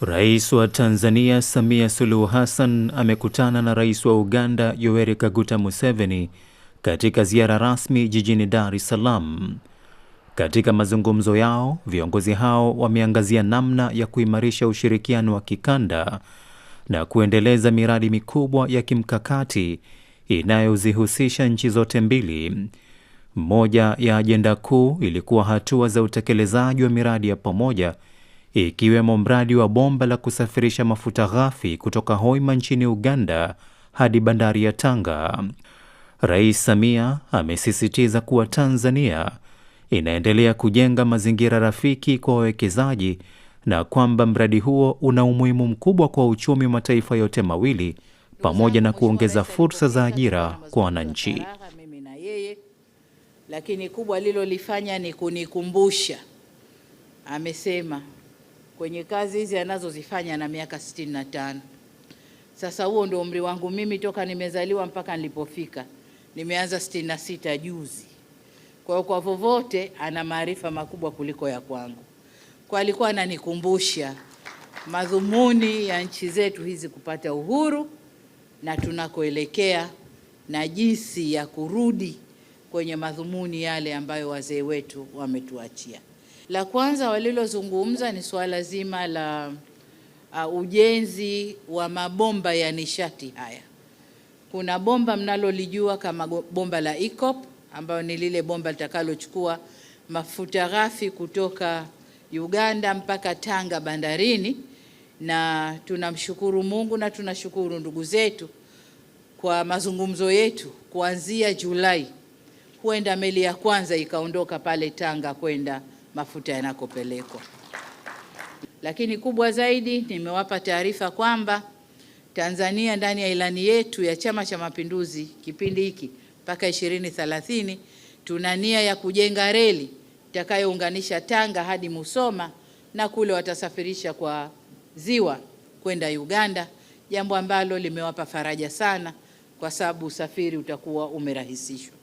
Rais wa Tanzania Samia Suluhu Hassan amekutana na Rais wa Uganda Yoweri Kaguta Museveni katika ziara rasmi jijini Dar es Salaam. Katika mazungumzo yao, viongozi hao wameangazia namna ya kuimarisha ushirikiano wa kikanda na kuendeleza miradi mikubwa ya kimkakati inayozihusisha nchi zote mbili. Moja ya ajenda kuu ilikuwa hatua za utekelezaji wa miradi ya pamoja ikiwemo mradi wa bomba la kusafirisha mafuta ghafi kutoka Hoima nchini Uganda hadi bandari ya Tanga. Rais Samia amesisitiza kuwa Tanzania inaendelea kujenga mazingira rafiki kwa wawekezaji na kwamba mradi huo una umuhimu mkubwa kwa uchumi wa mataifa yote mawili pamoja na kuongeza fursa za ajira kwa wananchi. Lakini kubwa alilolifanya ni kunikumbusha, amesema kwenye kazi hizi anazozifanya na miaka sitini na tano. Sasa huo ndio umri wangu mimi toka nimezaliwa mpaka nilipofika, nimeanza sitini na sita juzi. Kwa hiyo kwa vovote ana maarifa makubwa kuliko ya kwangu, kwa alikuwa ananikumbusha madhumuni ya nchi zetu hizi kupata uhuru na tunakoelekea na jinsi ya kurudi kwenye madhumuni yale ambayo wazee wetu wametuachia. La kwanza walilozungumza ni suala zima la uh, ujenzi wa mabomba ya nishati haya. Kuna bomba mnalolijua kama bomba la EACOP ambayo ni lile bomba litakalochukua mafuta ghafi kutoka Uganda mpaka Tanga bandarini, na tunamshukuru Mungu na tunashukuru ndugu zetu kwa mazungumzo yetu kuanzia Julai, huenda meli ya kwanza ikaondoka pale Tanga kwenda mafuta yanakopelekwa. Lakini kubwa zaidi, nimewapa taarifa kwamba Tanzania ndani ya ilani yetu ya Chama cha Mapinduzi kipindi hiki mpaka 2030 tuna nia ya kujenga reli itakayounganisha Tanga hadi Musoma na kule watasafirisha kwa ziwa kwenda Uganda, jambo ambalo limewapa faraja sana, kwa sababu usafiri utakuwa umerahisishwa.